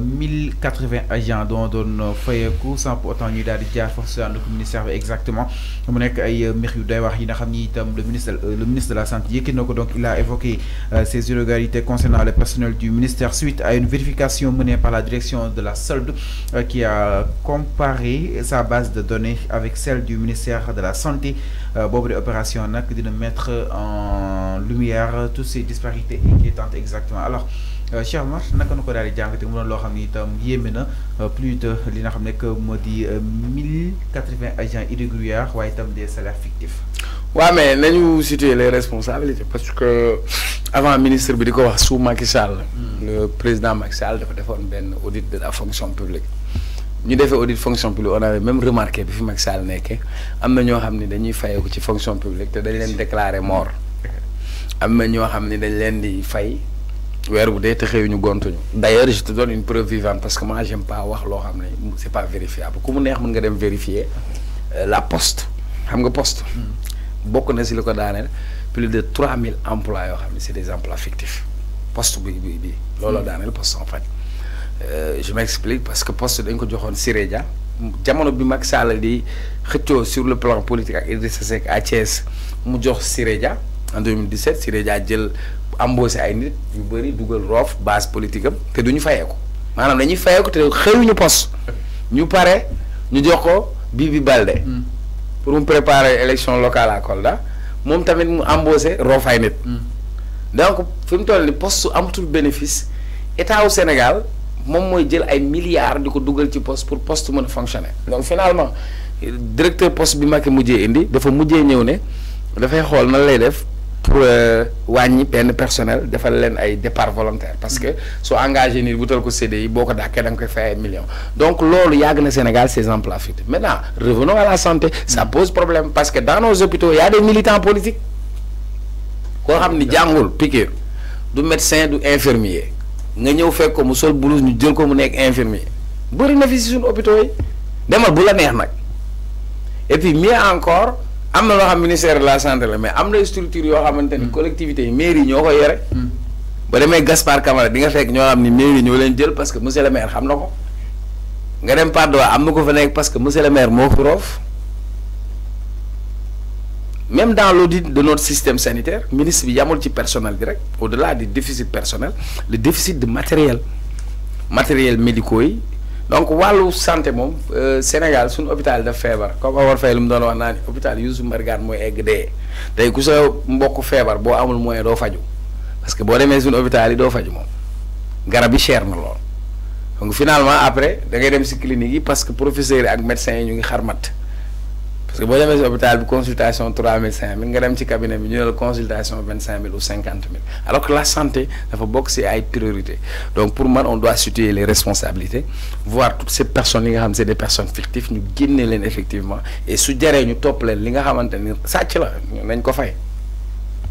1080 agents dont doon coup euh, sans pour autant daal di jaar foofu ministère exactement ay euh, le ministre euh, le ministre de la santé donc il a évoqué ces irrégularités concernant le personnel du ministère suite à une vérification menée par la direction de la solde qui a comparé sa base de données avec celle du ministère de la santé pour de opération que dina mettre en lumière toutes ces disparités inquiétantes exactement alors. Euh, Cheikh Omar naka nu ko daal di jàngate mu doon loo xam ne itam yéeme na euh, plus de li nga xam ne que moo di euh, mille quatre agents irréguliers waaye itam des salaires fictifs. waaw mais nañu situer les responsabilités parce que avant ministre bi di ko wax sous Macky Sall. Hmm. le président Macky Sall dafa defoon benn audit de la fonction publique. ñu defee audit fonction publique on avait même remarqué bi fi Macky Sall nekkee am na ñoo xam ne dañuy fayeeku ci fonction publique te dañ leen déclarer mort hmm. am na ñoo xam ne dañ leen di fay weer bu dee te xëyuñu gontuñu je te donne une preuve vivante parce que moi j'aime pas wax loo C'est pas vérifiable Comment mu neex mën dem vérifier euh, la poste xam nga poste hmm. Beaucoup na si li ko plus de 3000 emplois yoo xam C'est des emplois fictifs poste bi bi bi looloo hmm. daaneel poste en fait euh, je m'explique parce que poste dañ ko joxoon Siré Dia jamono bi Macky Sall di sur le plan politique ak Idrissa Seck à Thiès mu jox Siré Dia en 2017 Siré Dia jël embauché ay nit yu bëri dugal roof base politique am te du ñu fayee ko maanaam dañuy fayee ko te xëyuñu pos ñu pare ñu jox ko Bibi Baldé hmm. pour mu préparer élection locale à Kolda moom tamit mu embauché roof ay nit hmm. donc fi mu toll ni poste su amatul bénéfice état wu Sénégal moom mooy jël ay milliards di ko dugal ci poste pour poste mën a fonctionner donc finalement directeur poste bi Macky mujjee indi dafa mujjee ñëw ne dafay xool nan lay def pour euh, wàññi benn personnel defal leen ay départ volontaire parce que sont engagé ni wutal ko CDI boo ko koy millions donc loolu Sénégal ces emplois fictifs maintenant revenons à la santé ça pose problème parce que dans nos hôpitaux il y a des militants politiques koo xam des médecins, des du médecin du infirmier nga ñëw fekk comme mu sol blouse ñu jël ko mu nekk infirmier si hôpitaux et puis mieux encore am na loo xam ministère de la santé la mais am na structure yoo xamante hmm. collectivités yi mairie ñoo ko yore. Hmm. ba demee Gaspard Camara di nga fekk ñoo xam ni mairie ñoo leen jël parce que monsieur le maire xam na ko nga dem Padoa am na ko fa nekk parce que monsieur le maire moo prof même dans l'audit de notre système sanitaire ministre bi yamul ci personnel bi rek au delà du déficit personnel le déficit de matériel matériel médicaux donc wàllu sante moom euh, Sénégal suñu hôpital def feebar comme Omar Faye lu mu doon wax naa ni hôpital Youssou Mbargane mooy egg dee tey ku sa mbokk feebar boo amul mooy doo faju parce que boo demee suñu hôpital yi doo faju moom garab yi cher na lool donc finalement après da ngay dem si clinique yi parce que professeurs yi ak médecins yi ñu ngi xar xarmat parce que si hôpital consultation de 3 nga cabinet consultation ou 50 000. alors que la santé dafa bokk à une priorité donc pour moi, on doit situer les responsabilités voir toutes ces personnes c'est des personnes fictives ñu les effectivement et su une ñu top,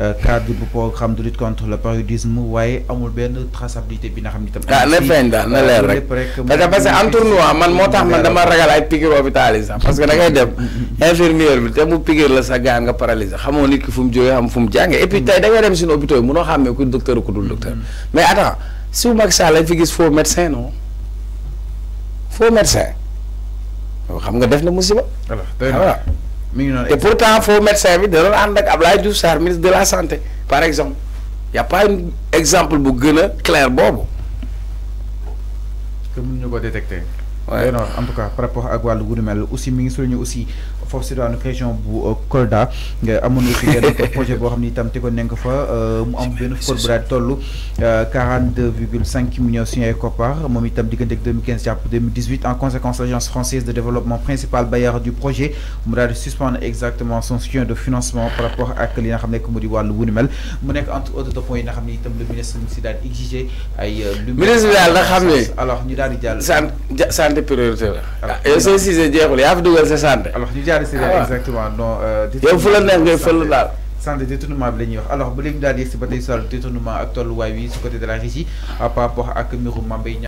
Euh, cadre bu xam du lutte contre le paludisme waaye amul benn traçabilité bi na xam ni tam. Ah, na feeñ daal na euh, leer rek parce que en tournoi man moo tax man dama ragal ay piqûre hôpital sax parce que dangay ngay dem mm, mm, mm. infirmière bi te mu piqûre la sa gaan nga paralysé xamoo nit ki fu mu jógee xam fu mu jàngee et puis tey da ngay dem suñu hôpitaux yi xàmmee ku docteur ku dul docteur mais attends su Macky Sall lañ fi gis faux médecin non faux médecin xam nga def na musiba voilà mi ngi noonu te pourtant faux médecin bi da doon ànd ak Abdoulaye Diouf Sarr ministre de la santé par exemple y' a pas un exemple bu gën a clair boobu. que mënuñu ko détecter. waaye en tout cas par rapport ak wàllu gu mel aussi mi ngi suñu aussi. foofu si daanu région bu euh, Kolda amoon na fi projet boo xam ne itam tegoon nañ ko fa euh, mu am benn for bu daal toll euh, millions suñu ay koppar moom itam diggante ak 2015 jàpp 2018 en conséquence l'agence française de développement principal bailleur du projet mu daal di suspendre exactement son soutien de financement par rapport ak li nga xam ne mu di wàllu wu mel mu nekk entre autres points yi nga xam ne le ministre du si daal exiger ay. ministre bi daal nga xam alors ñu daal di jàll. santé santé priorité la. alors yow ah, soo siisee fi dugal santé. alors ñu caricéré ah exactement euh, yow fu la neex ngay fël daal. santé détournement bi la wax alors ba léegi daal di ba tey si détournement ak tolluwaay wi si côté de la régie par rapport ak mbirum Mame Mbaye Niang